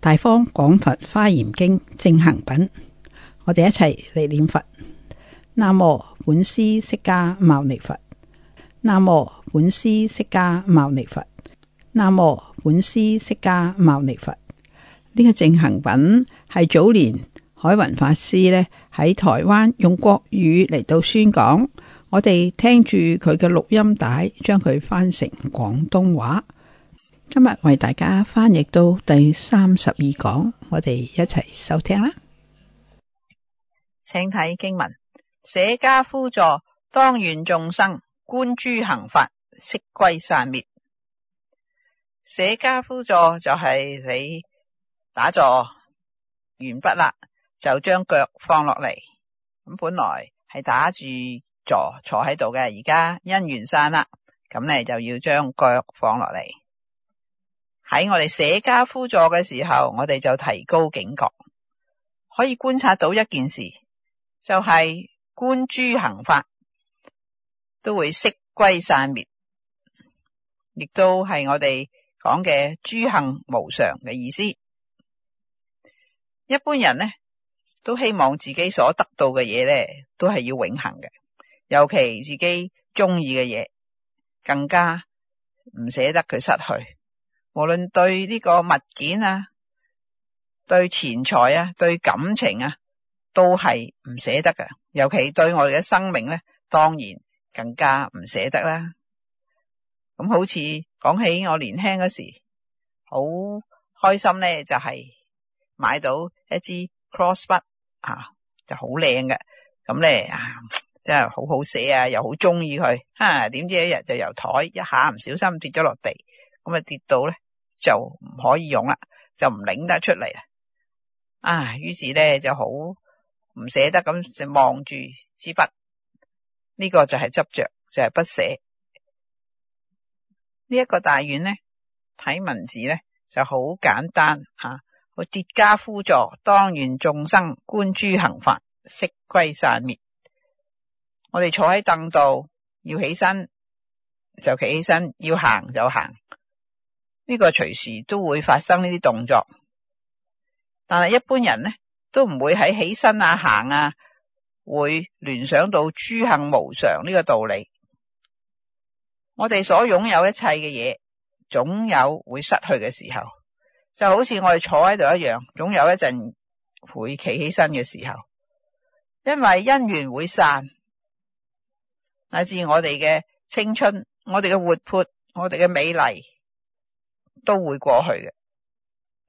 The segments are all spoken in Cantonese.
大方廣佛花嚴經正行品，我哋一齊嚟念佛。南無本師釋迦牟尼佛。南無本師釋迦牟尼佛。南無本師釋迦牟尼佛。呢個正行品係早年海雲法師咧，喺台灣用國語嚟到宣講，我哋聽住佢嘅錄音帶，將佢翻成廣東話。今日為大家翻譯到第三十二講，我哋一齊收聽啦。請睇經文：捨跏趺坐，當願眾生，觀諸行法，悉歸散滅。捨跏趺坐就係你打坐完畢啦，就將腳放落嚟。咁本來係打住坐坐喺度嘅，而家因緣散啦，咁你就要將腳放落嚟。喺我哋社家輔助嘅時候，我哋就提高警覺，可以觀察到一件事，就係、是、觀諸行法都會悉歸散滅，亦都係我哋講嘅諸行無常嘅意思。一般人呢，都希望自己所得到嘅嘢呢，都係要永恆嘅，尤其自己中意嘅嘢更加唔捨得佢失去。無論對呢個物件啊、對錢財啊、對感情啊，都係唔捨得嘅。尤其對我哋嘅生命咧，當然更加唔捨得啦。咁好似講起我年輕嗰時，好開心咧，就係、是、買到一支 cross 筆啊，就好靚嘅。咁咧啊，真係好好寫啊，又好中意佢啊。點知一日就由台一下唔小心跌咗落地，咁啊跌到咧。就唔可以用啦，就唔拎得出嚟啦。啊，於是咧就好唔捨得咁望住支筆，呢、這個就係執着，就係、是、不捨。呢、這、一個大願咧，睇文字咧就好簡單吓，我跏趺坐當願眾生觀諸行法悉歸散滅。我哋坐喺凳度，要起身就企起身，要行就行。呢個隨時都會發生呢啲動作，但係一般人呢都唔會喺起身啊、行啊，會聯想到諸行無常呢個道理。我哋所擁有一切嘅嘢，總有會失去嘅時候，就好似我哋坐喺度一樣，總有一陣會企起身嘅時候，因為因緣會散，乃至我哋嘅青春、我哋嘅活潑、我哋嘅美麗。都會過去嘅，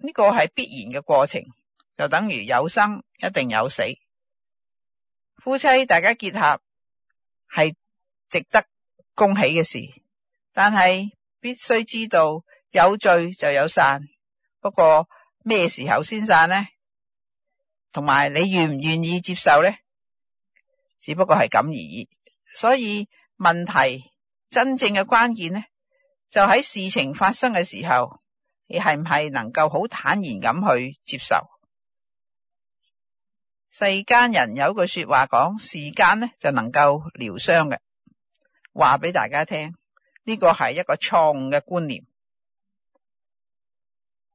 呢個係必然嘅過程，就等於有生一定有死。夫妻大家結合係值得恭喜嘅事，但係必須知道有聚就有散，不過咩時候先散呢？同埋你願唔願意接受呢？只不過係咁而已。所以問題真正嘅關鍵呢，就喺事情發生嘅時候，你係唔係能夠好坦然咁去接受？世間人有句說話講，時間呢就能夠療傷嘅。話俾大家聽，呢個係一個錯誤嘅觀念。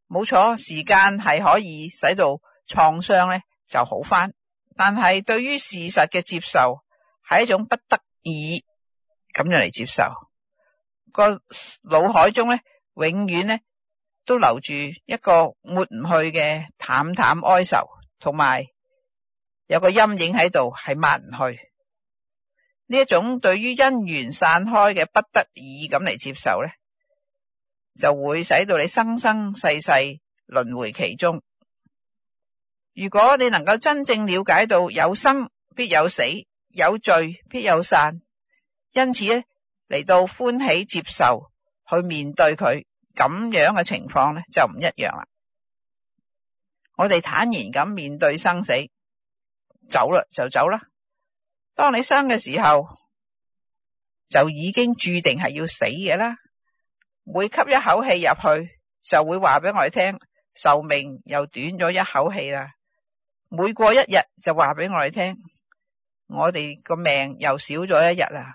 冇錯，時間係可以使到創傷呢就好翻，但係對於事實嘅接受係一種不得已咁樣嚟接受。個腦海中咧，永遠咧都留住一個抹唔去嘅淡淡哀愁，同埋有個陰影喺度係抹唔去。呢一種對於因緣散開嘅不得已咁嚟接受咧，就會使到你生生世世輪迴其中。如果你能夠真正了解到有生必有死，有聚必有散，因此咧。嚟到歡喜接受，去面對佢咁樣嘅情況呢就唔一樣啦。我哋坦然咁面對生死，走啦就走啦。當你生嘅時候就已經注定係要死嘅啦。每吸一口氣入去，就會話俾我哋聽，壽命又短咗一口氣啦。每過一日，就話俾我哋聽，我哋個命又少咗一日啦。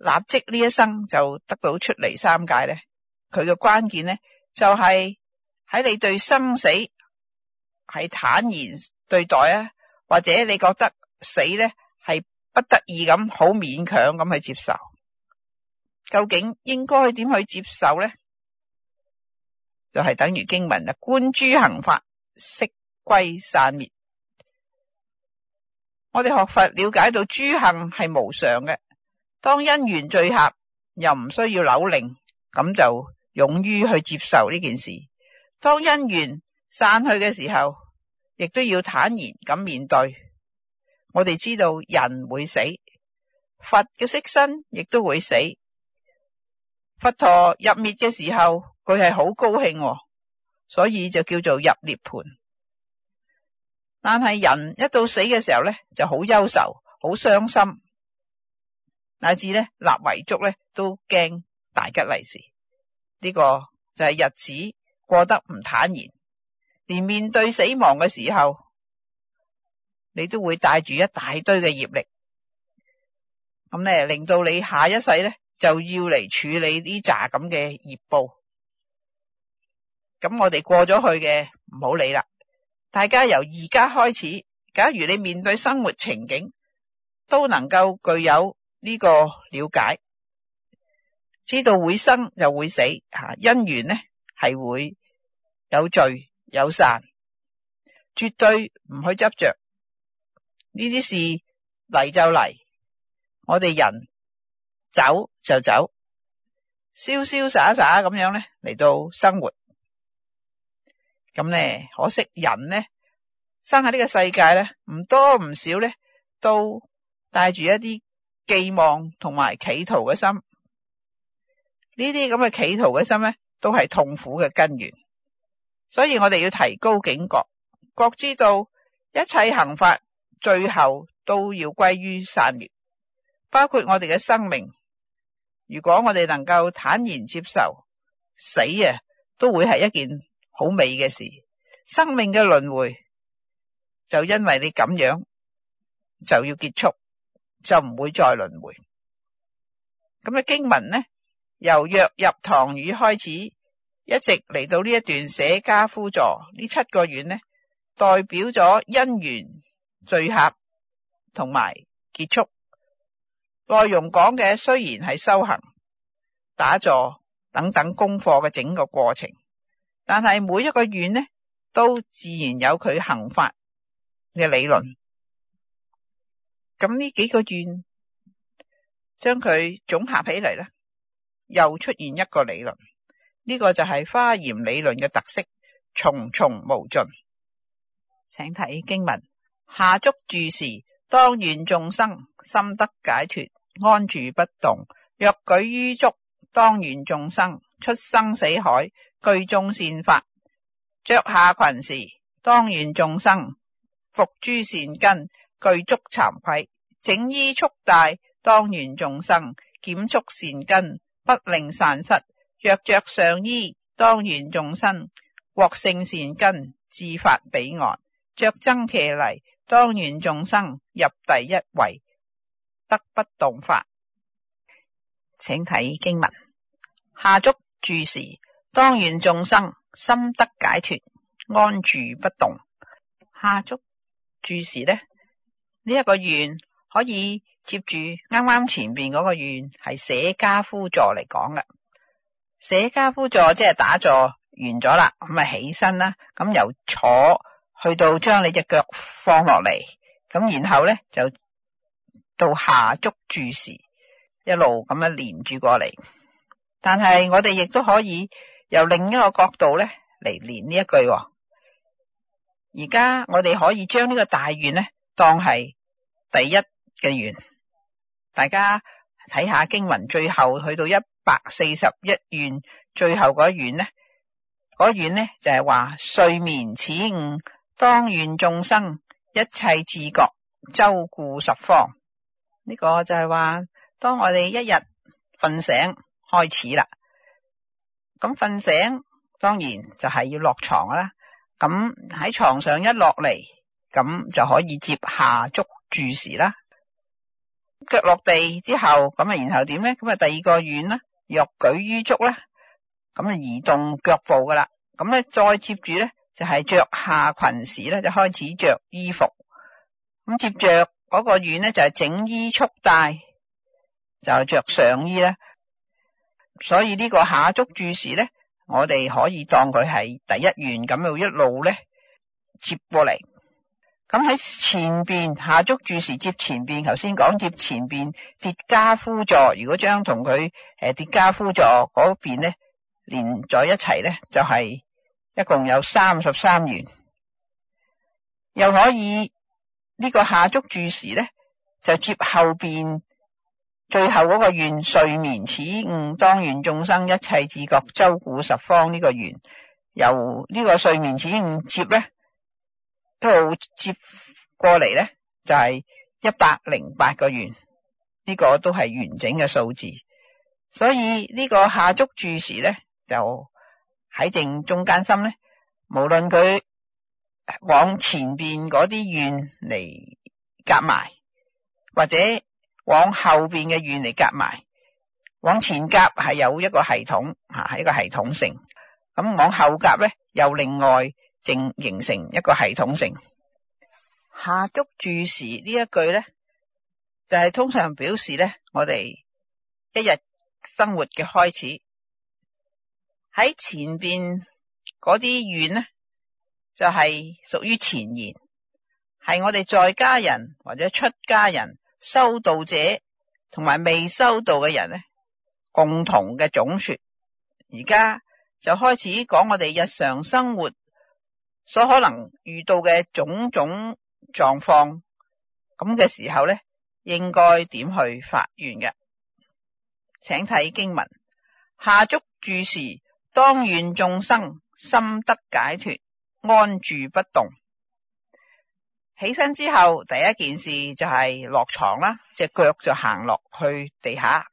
立即呢一生就得到出離三界咧，佢嘅關鍵咧就係、是、喺你對生死係坦然對待啊，或者你覺得死咧係不得已咁，好勉強咁去接受。究竟應該點去接受咧？就係、是、等於經文啊，觀諸行法，悉歸散滅。我哋學佛了解到諸行係無常嘅。當因緣聚合，又唔需要扭擰，咁就勇於去接受呢件事。當因緣散去嘅時候，亦都要坦然咁面對。我哋知道人會死，佛嘅色身亦都會死。佛陀入滅嘅時候，佢係好高興喎，所以就叫做入涅盤。但係人一到死嘅時候咧，就好憂愁，好傷心。乃至咧，立遺囑咧都驚，大吉利是。呢個就係日子過得唔坦然，連面對死亡嘅時候，你都會帶住一大堆嘅業力，咁咧令到你下一世咧就要嚟處理呢扎咁嘅業報。咁我哋過咗去嘅唔好理啦，大家由而家開始，假如你面對生活情景都能夠具有呢個了解，知道會生就會死，吓、啊、姻緣呢係會有聚有散，絕對唔去執着。呢啲事嚟，就嚟，我哋人走，就走，瀟瀟灑灑咁樣呢嚟到生活。咁呢，可惜人呢，生喺呢個世界呢，唔多唔少呢，都帶住一啲。寄望同埋企圖嘅心，呢啲咁嘅企圖嘅心呢，都係痛苦嘅根源。所以我哋要提高警覺，覺知道一切行法最後都要歸於散滅，包括我哋嘅生命。如果我哋能夠坦然接受，死啊，都會係一件好美嘅事。生命嘅輪迴，就因為你咁樣，就要結束。就唔會再輪迴。咁嘅經文呢，由約入唐語開始，一直嚟到呢一段寫家夫座，呢七個院呢，代表咗姻緣聚合同埋結束。內容講嘅雖然係修行、打坐等等功課嘅整個過程，但係每一個院呢，都自然有佢行法嘅理論。嗯咁呢幾個願，將佢總合起嚟呢又出現一個理論。呢、這個就係華嚴理論嘅特色，重重無盡。請睇經文：下足住時，當願眾生心得解脱，安住不動；若舉於足，當願眾生出生死海，具眾善法；着下裙時，當願眾生服諸善根。具足慚愧，整衣束帶，當願眾生檢束善根，不令散失；若着上衣，當願眾生獲勝善根，自法彼岸；着僧伽黎，當願眾生入第一位，得不動法。請睇經文下足住時，當願眾生心得解脱，安住不動。下足住時呢？呢一個願可以接住啱啱前邊嗰個願係捨跏趺坐嚟講嘅，捨跏趺坐即係打坐完咗啦，咁啊起身啦，咁由坐去到將你隻腳放落嚟，咁然後咧就到下足住時一路咁樣連住過嚟。但係我哋亦都可以由另一個角度咧嚟連呢一句喎。而家我哋可以將呢個大願咧。當係第一嘅願，大家睇下經文最後去到一百四十一願，最後嗰願呢，嗰願呢就係、是、話睡眠始寤，當願眾生一切智覺周顧十方。呢、這個就係話，當我哋一日瞓醒開始啦，咁瞓醒當然就係要落床啦。咁喺床上一落嚟。咁就可以接下足注時啦。腳落地之後，咁啊，然後點咧？咁啊，第二個圓啦，若舉於足啦。咁啊，移動腳步噶啦。咁咧，再接住咧，就係着下裙時咧，就開始着衣服。咁接着嗰個圓咧，就係整衣束帶，就着上衣啦。所以呢個下足注時咧，我哋可以當佢係第一圓咁樣一路咧，接過嚟。咁喺、嗯、前邊下足住時接前邊，頭先講接前邊結跏趺坐。如果將同佢誒結跏趺坐嗰邊咧連在一齊咧，就係、是、一共有三十三願。又可以呢、這個下足住時咧就接後邊最後嗰個願睡眠始寤，當願眾生，一切智覺，周顧十方，呢個願，由呢個睡眠始寤接咧。套接過嚟咧，就係一百零八個圓，呢個都係完整嘅數字。所以呢個下足注時咧，就喺正中間心咧，無論佢往前邊嗰啲圓嚟夾埋，或者往後邊嘅圓嚟夾埋，往前夾係有一個系統吓，係一個系統性。咁往後夾咧，又另外。正形成一個系統性，下足注時呢一句咧，就係、是、通常表示咧，我哋一日生活嘅開始。喺前邊嗰啲遠呢，就係、是、屬於前言，係我哋在家人或者出家人、修道者同埋未修道嘅人咧，共同嘅總說。而家就開始講我哋日常生活。所可能遇到嘅種種狀況，咁嘅時候咧，應該點去發願嘅？請睇經文：下足住時，當願眾生心得解脫，安住不動。起身之後，第一件事就係落床啦，隻腳就行落去地下，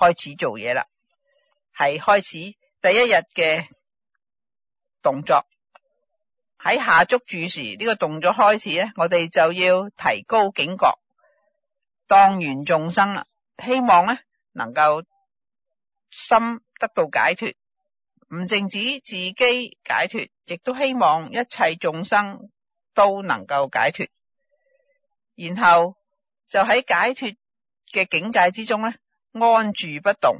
開始做嘢啦，係開始第一日嘅動作。喺下足住時呢個動作開始咧，我哋就要提高警覺，當願眾生啦。希望咧能夠心得到解脫，唔淨止自己解脫，亦都希望一切眾生都能夠解脫。然後就喺解脫嘅境界之中咧，安住不動。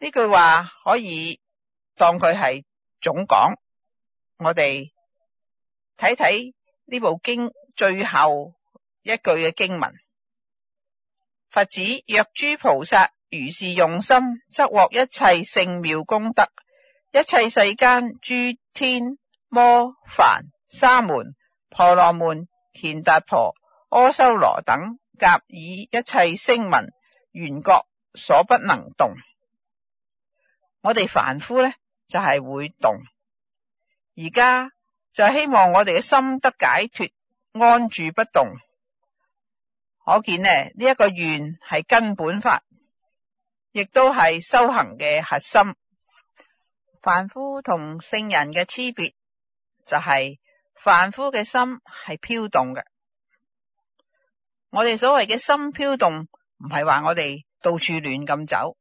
呢句話可以當佢係總講。我哋睇睇呢部經最後一句嘅經文，佛子，若諸菩薩如是用心，則獲一切聖妙功德，一切世間諸天魔梵、沙門婆羅門賢達婆阿修羅等，及以一切聲聞緣覺所不能動。我哋凡夫呢，就係會動。而家就希望我哋嘅心得解脫，安住不動。可見呢，呢一個願係根本法，亦都係修行嘅核心。凡夫同聖人嘅區別，就係凡夫嘅心係飄動嘅。我哋所謂嘅心飄動，唔係話我哋到處亂咁走，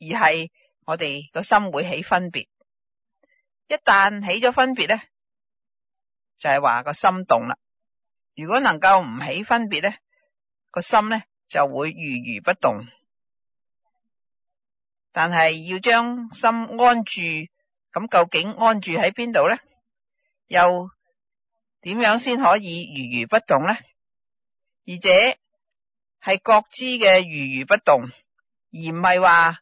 而係我哋個心會起分別。一旦起咗分別咧，就係話個心動啦。如果能夠唔起分別咧，個心咧就會如如不動。但係要將心安住，咁究竟安住喺邊度咧？又點樣先可以如如不動咧？而且係覺知嘅如如不動，而唔係話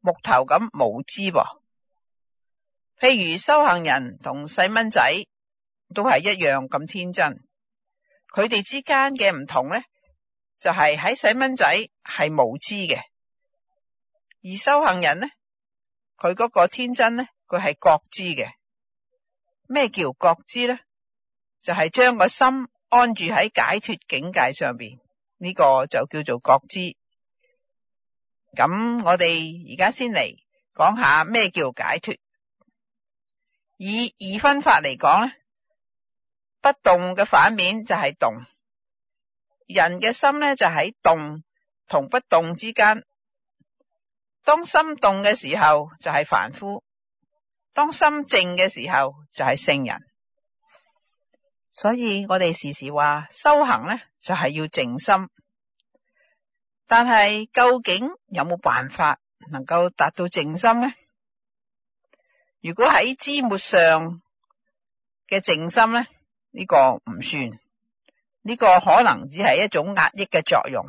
木頭咁無知噃。譬如修行人同細蚊仔都係一樣咁天真，佢哋之間嘅唔同咧，就係喺細蚊仔係無知嘅，而修行人呢，佢嗰個天真咧，佢係覺知嘅。咩叫覺知咧？就係將個心安住喺解脫境界上邊，呢個就叫做覺知。咁我哋而家先嚟講下咩叫解脫。以二分法嚟講咧，不動嘅反面就係動。人嘅心咧，就喺動同不動之間。當心動嘅時候就係凡夫，當心靜嘅時候就係聖人。所以我哋時時話修行咧，就係要靜心，但係究竟有冇辦法能夠達到靜心咧？如果喺枝末上嘅靜心咧，呢個唔算，呢個可能只係一種壓抑嘅作用。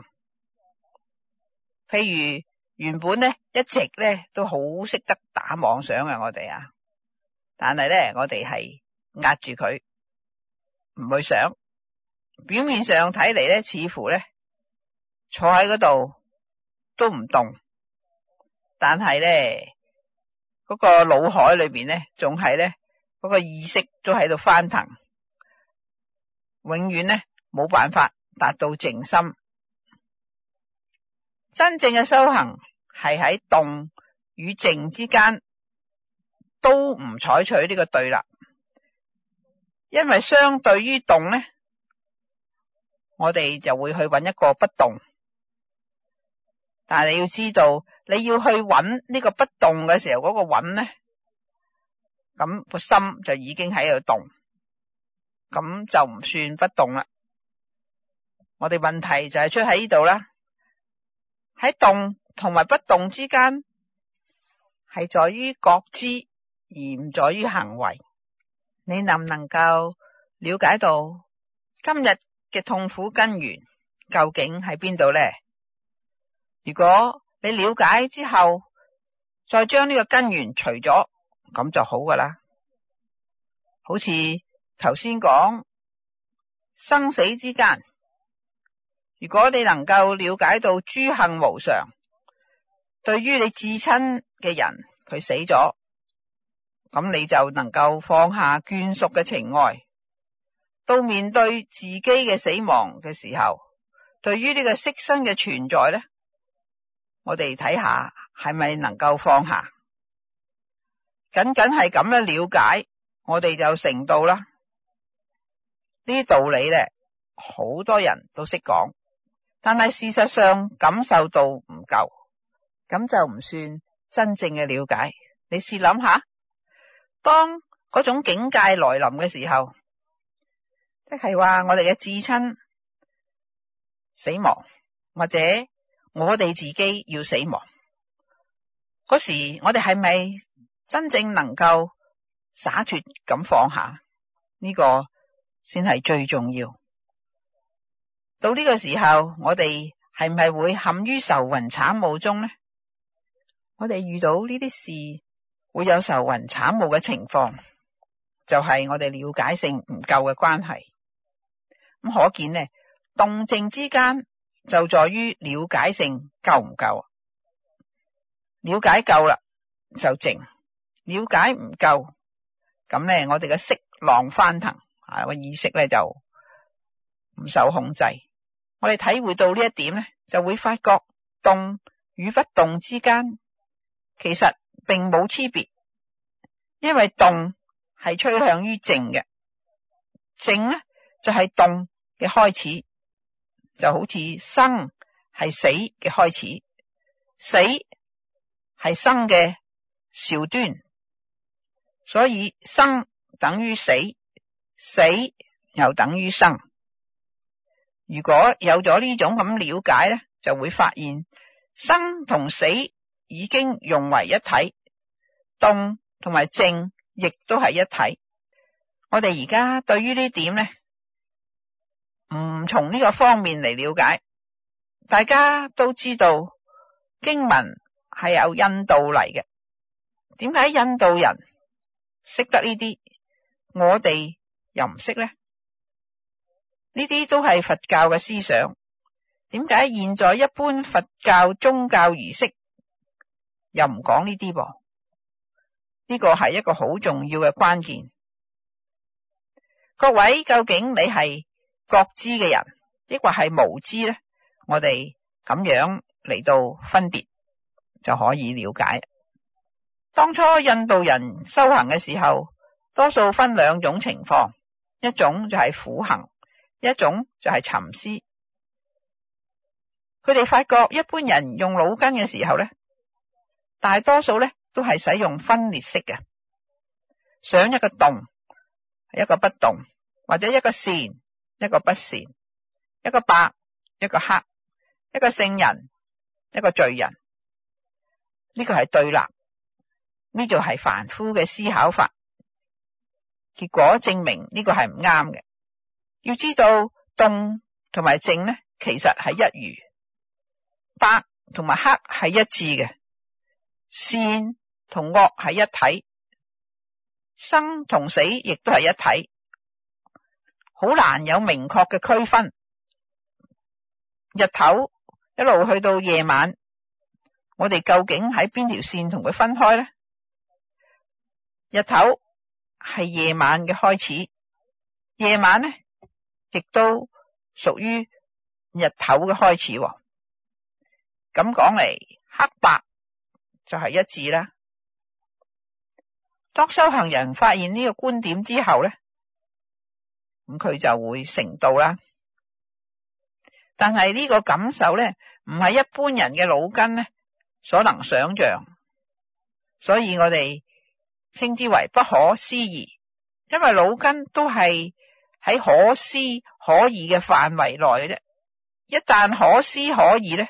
譬如原本咧，一直咧都好識得打妄想嘅我哋啊，但係咧，我哋係壓住佢，唔去想。表面上睇嚟，咧，似乎咧坐喺嗰度都唔動，但係咧。嗰個腦海裏邊咧，仲係咧，嗰、那個意識都喺度翻騰，永遠咧冇辦法達到靜心。真正嘅修行係喺動與靜之間，都唔採取呢個對立，因為相對於動咧，我哋就會去搵一個不動，但係你要知道。你要去揾呢個不動嘅時候，嗰個揾呢？咁個心就已經喺度動，咁就唔算不動啦。我哋問題就係出喺呢度啦。喺動同埋不動之間，係在於覺知而唔在於行為。你能唔能夠了解到今日嘅痛苦根源究竟喺邊度呢？如果你了解之後，再將呢個根源除咗，咁就好噶啦。好似頭先講生死之間，如果你能夠了解到諸行無常，對於你至親嘅人佢死咗，咁你就能夠放下眷屬嘅情愛，到面對自己嘅死亡嘅時候，對於呢個色身嘅存在咧。我哋睇下係咪能夠放下，僅僅係咁樣了解，我哋就成到成道啦。呢道理咧，好多人都識講，但係事實上感受到唔夠，咁就唔算真正嘅了解。你試諗下，當嗰種境界來臨嘅時候，即係話我哋嘅至親死亡或者。我哋自己要死亡嗰時，我哋係咪真正能夠灑脫咁放下呢個先係最重要？到呢個時候，我哋係咪會陷於愁雲慘霧中呢？我哋遇到呢啲事會有愁雲慘霧嘅情況，就係我哋了解性唔夠嘅關係。咁可見呢動靜之間。就在於了解性夠唔夠啊？了解夠啦就靜，了解唔夠咁咧，我哋嘅色浪翻騰啊，個意識咧就唔受控制。我哋體會到呢一點咧，就會發覺動與不動之間其實並冇差別，因為動係趨向於靜嘅，靜咧就係、是、動嘅開始。就好似生係死嘅開始，死係生嘅肇端，所以生等於死，死又等於生。如果有咗呢種咁了解咧，就會發現生同死已經融為一體，動同埋靜亦都係一體。我哋而家對於呢點咧？唔從呢個方面嚟了解，大家都知道經文係有印度嚟嘅。點解印度人識得呢啲，我哋又唔識呢？呢啲都係佛教嘅思想。點解現在一般佛教宗教儀式又唔講呢啲？噃，呢個係一個好重要嘅關鍵。各位，究竟你係？覺知嘅人，抑或係無知咧？我哋咁樣嚟到分別就可以了解。當初印度人修行嘅時候，多數分兩種情況，一種就係苦行，一種就係沉思。佢哋發覺一般人用腦筋嘅時候咧，大多數咧都係使用分裂式嘅，想一個洞，一個不動，或者一個線。一個不善，一個白，一個黑，一個聖人，一個罪人，呢、呢個係對立，呢度係凡夫嘅思考法。結果證明呢個係唔啱嘅。要知道動同埋靜呢，其實係一如。白同埋黑係一致嘅，善同惡係一體，生同死亦都係一體。好難有明確嘅區分，日頭一路去到夜晚，我哋究竟喺邊條線同佢分開呢？日頭係夜晚嘅開始，夜晚呢亦都屬於日頭嘅開始，哦。咁講嚟，黑白就係一致啦。當修行人發現呢個觀點之後咧，咁佢就會成道啦。但係呢個感受咧，唔係一般人嘅腦筋咧，所能想象，所以我哋稱之為不可思議。因為腦筋都係喺可思可議嘅範圍內嘅啫。一旦可思可議咧，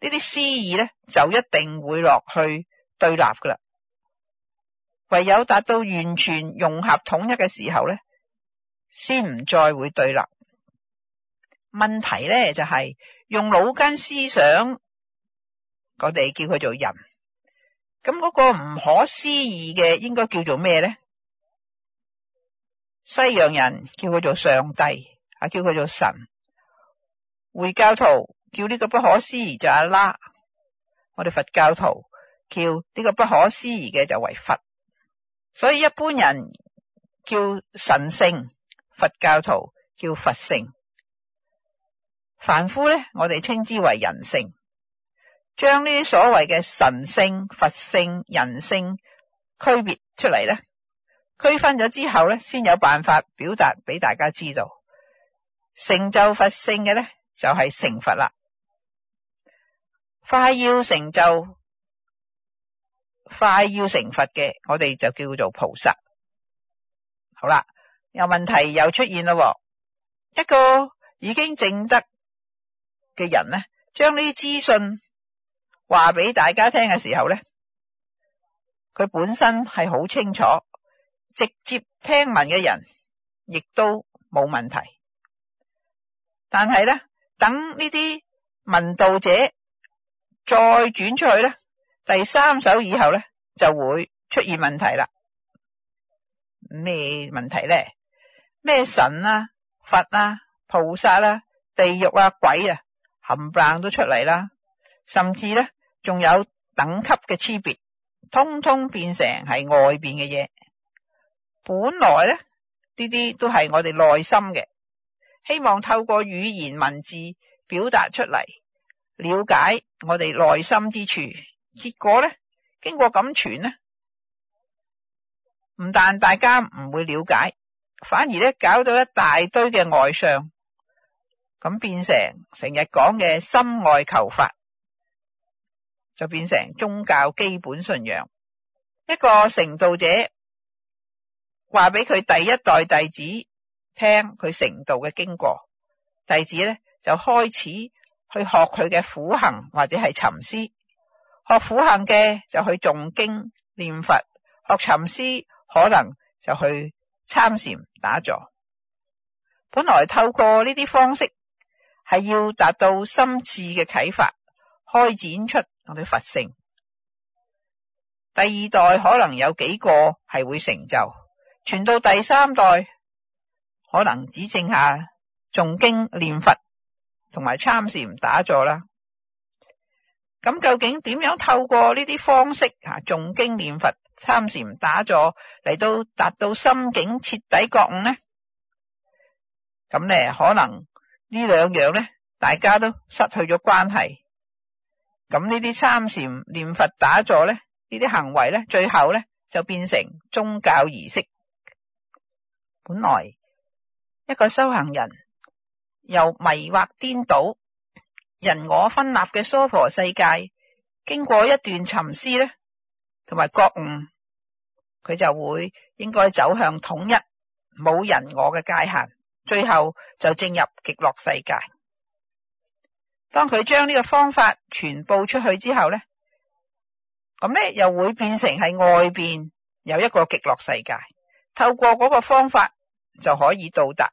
呢啲思議咧就一定會落去對立噶啦。唯有達到完全融合統一嘅時候咧，先唔再會對立問題咧，就係用腦筋思想，我哋叫佢做人。咁嗰個唔可思議嘅，應該叫做咩咧？西洋人叫佢做上帝，啊叫佢做神。回教徒叫呢個不可思議就阿拉。我哋佛教徒叫呢個不可思議嘅就為佛。所以一般人叫神聖。佛教徒叫佛性，凡夫咧，我哋稱之為人性。將呢啲所謂嘅神性、佛性、人性區別出嚟咧，區分咗之後咧，先有辦法表達俾大家知道，成就佛性嘅咧就係成佛啦。快要成就、快要成佛嘅，我哋就叫做菩薩。好啦。有問題又出現咯、哦，一個已經證得嘅人呢，將呢啲資訊話俾大家聽嘅時候呢，佢本身係好清楚，直接聽聞嘅人亦都冇問題。但係呢，等呢啲問道者再轉出去呢，第三手以後呢，就會出現問題啦。咩問題呢？咩神啊、佛啊、菩薩啦、啊、地獄啊、鬼啊，冚唪唥都出嚟啦！甚至咧，仲有等級嘅差別，通通變成係外邊嘅嘢。本來咧，呢啲都係我哋內心嘅，希望透過語言文字表達出嚟，了解我哋內心之處。結果咧，經過咁傳咧，唔但大家唔會了解。反而咧，搞到一大堆嘅外相，咁變成成日講嘅心外求法，就變成宗教基本信仰。一個成道者話俾佢第一代弟子聽佢成道嘅經過，弟子咧就開始去學佢嘅苦行或者係沉思，學苦行嘅就去誦經念佛，學沉思可能就去。參禪打坐，本來透過呢啲方式係要達到深次嘅啟發，開展出我哋佛性。第二代可能有幾個係會成就，傳到第三代可能只剩下誦經、念佛同埋參禪打坐啦。咁究竟點樣透過呢啲方式啊，誦經念佛、參禪打坐嚟到達到心境徹底覺悟呢？咁呢可能呢兩樣呢，大家都失去咗關係。咁呢啲參禪念佛打坐呢，呢啲行為呢，最後呢，就變成宗教儀式。本來一個修行人又迷惑顛倒。人我分立嘅娑婆世界，經過一段沉思咧，同埋覺悟，佢就會應該走向統一，冇人我嘅界限，最後就進入極樂世界。當佢將呢個方法傳播出去之後咧，咁咧又會變成係外邊有一個極樂世界，透過嗰個方法就可以到達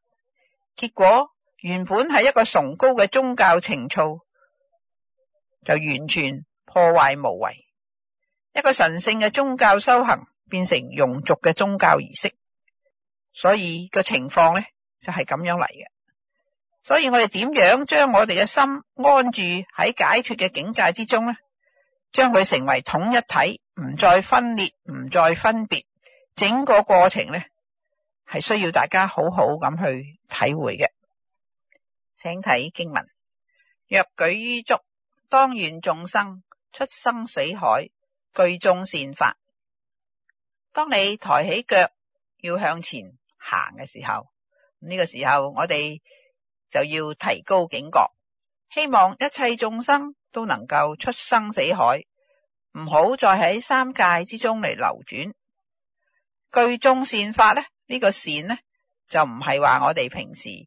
結果。原本係一個崇高嘅宗教情操，就完全破壞無遺。一個神聖嘅宗教修行變成庸俗嘅宗教儀式，所以個情況呢，就係咁樣嚟嘅。所以我哋點樣將我哋嘅心安住喺解脫嘅境界之中呢？將佢成為統一體，唔再分裂，唔再分別。整個過程呢，係需要大家好好咁去體會嘅。請睇經文，若舉於足，當願眾生出生死海，具眾善法。當你抬起腳要向前行嘅時候，呢個時候我哋就要提高警覺，希望一切眾生都能夠出生死海，唔好再喺三界之中嚟流轉。具眾善法咧，呢個善呢，就唔係話我哋平時。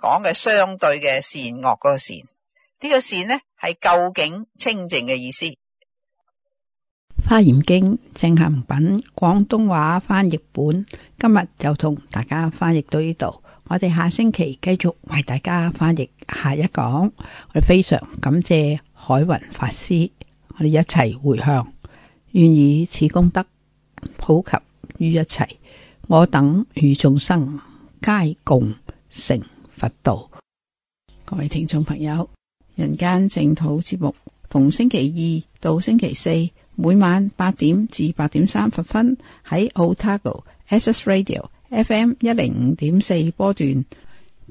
講嘅相對嘅善惡嗰個善呢、呢個善呢，係究竟清淨嘅意思。《花嚴經》正行品廣東話翻譯本，今日就同大家翻譯到呢度。我哋下星期繼續為大家翻譯下一講。我哋非常感謝海雲法師，我哋一齊回向，願以此功德普及於一切我等與眾生皆共成佛道。各位聽眾朋友，人間淨土節目逢星期二到星期四每晚八點至八點三十分喺 Otago Access Radio FM 一零五點四波段，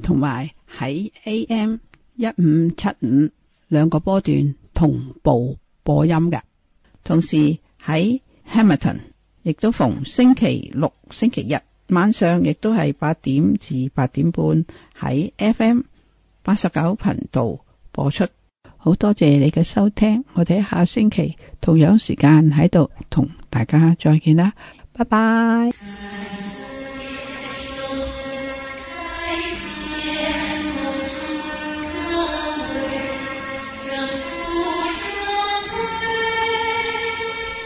同埋喺 AM 一五七五兩個波段同步播音嘅。同時喺 Hamilton 亦都逢星期六、星期日。晚上亦都係八點至八點半喺 FM 八十九頻道播出，好多謝你嘅收聽，我哋下星期同樣時間喺度同大家再見啦，拜拜。